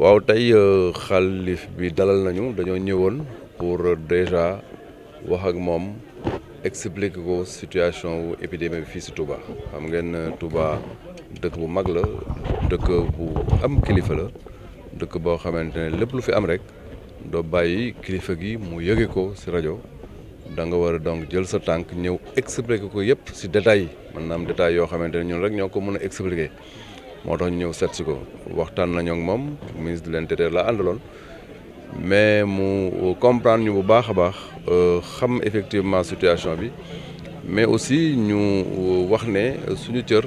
waaw tey euh, xalif bi dalal nañu dañoo ñëwoon pour dèjà wax ak moom explique ko situation wu épidémie bi fii si Touba xam ngeen euh, Touba dëkk bu mag la dëkk bu am kilifa la dëkk boo xamante ne lépp lu fi am rek do bàyyi kilifa gi mu yëge ko si rajo da nga war a donc jël sa tànk ñëw explique ko yépp si détail maanaam détail yoo xamante ne ñun rek ñoo ko mën a expliquer. moo tax ñu ñëw seet waxtaan nañu ak moom ministre de l'intérieur la àndaloon mais mu comprendre ñu bu baax a baax euh, xam effectivement situation bi mais aussi ñu euh, wax ne suñu cër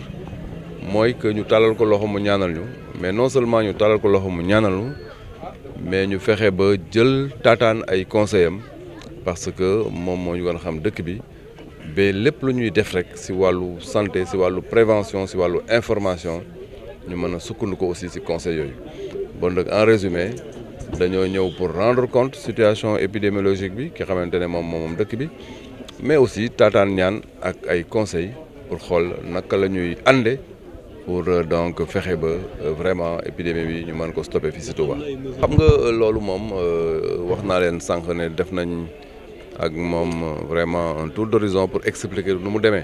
mooy que ñu talal ko loxo mu ñaanal ñu mais non seulement ñu talal ko loxo mu ñaanal ñu mais ñu fexe ba jël taataan ay conseil am parce que moom moo ñu gën a xam dëkk bi ba lépp lu ñuy def rek si wàllu santé si wàllu prévention si wàllu information ñu mën a sukkandiku aussi ci conseil yooyu bon nag en résumé dañoo ñëw pour rendre compte situation épidémiologique bi ki xamante ne moom moom dëkk bi mais aussi taataan ñaan ak ay conseils pour xool naka la ñuy pour euh, donc fexe ba euh, vraiment épidémie bi ñu mën ko stoppé fii ci Touba. xam nga euh, loolu moom wax naa leen sànq def nañ ak moom vraiment un tour d'horizon pour expliquer nu mu demee.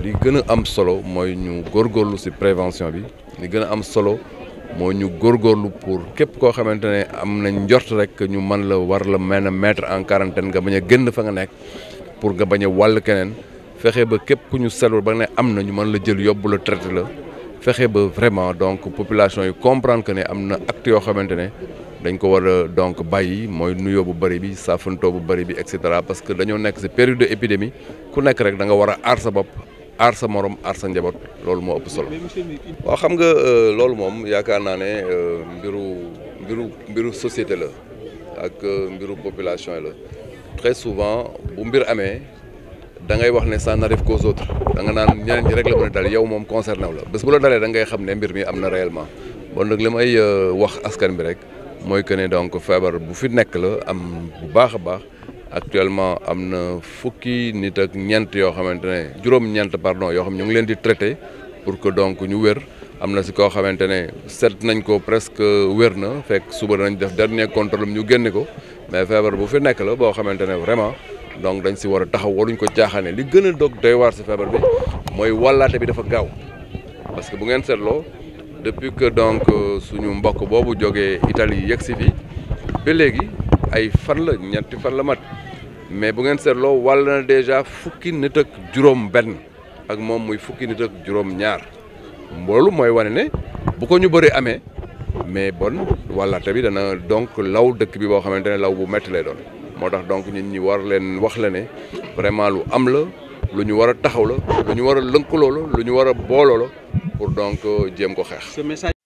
li gëna am solo moy ñu gorgorlu ci prévention bi li gëna am solo moy ñu gorgorlu pour képp koo xamantene am na njort rek ñu man la war la mën a mettre en quarantaine nga bañ a génn fa nga nekk pour nga bañ a wàll keneen ba képp ku ñu selul ba ne am na ñu mën la jël yóbbu la traité la fexe ba vraiment donc population yi comprendre que ne am na acte yoo xamante ne dañ ko war a donc bàyyi mooy nuyoo bu bëri bi safantoo bu bëri bi et cetera parce que dañoo nekk si période de ku nekk rek da nga war a sa bopp aar sa morom aar sa njaboot loolu moo ëpp solo. wa xam nga euh, lolou mom yaakaar naa ne euh, mbiru mbiru mbiru société la ak euh, mbiru population la très souvent bu mbir amé da ngay wax ne ça n'arrive qu'aux autres da nga naan ñeneen ñi rek la mën dal yow mom concerné la bës bu la dalé da ngay xam ne mbir mi amna réellement bon nak limay wax askan bi rek moy que ne donc feebar bu fi nek la am bu baaxa baax. actuellement am na fukki nit ak ñeent yoo xamante ne juróom-ñeent pardon yoo xam ñu ngi leen di traité pour que donc ñu wér am na si koo xamante ne seet nañ ko presque wér na fekk suba nañ def dernier contrôle ñu génne ko mais feebar bu fi nekk la boo xamante ne vraiment donc dañ si war a taxaw waruñ ko caaxaane li gën a doog doy waar si feebar bi mooy wallaate bi dafa gaaw parce que bu ngeen seetloo depuis que donc euh, suñu mbokk boobu jógee Italie yegg si fii ba léegi. ay fan la ñetti fan la mat mais bu ngeen seetloo wàll na déjà fukki nit ak juróom benn ak moom muy fukki nit ak juróom ñaar loolu mooy wane ne bu ko ñu bëri amee mais bon wàllaate bi dana donc law dëkk bi boo xamante ne law bu métti lay doon moo tax donc nit ñi war leen wax la ne vraiment lu am la lu ñu war a taxaw la lu ñu war a lëkkaloo lu ñu war a booloo la pour donc euh, jéem ko xeex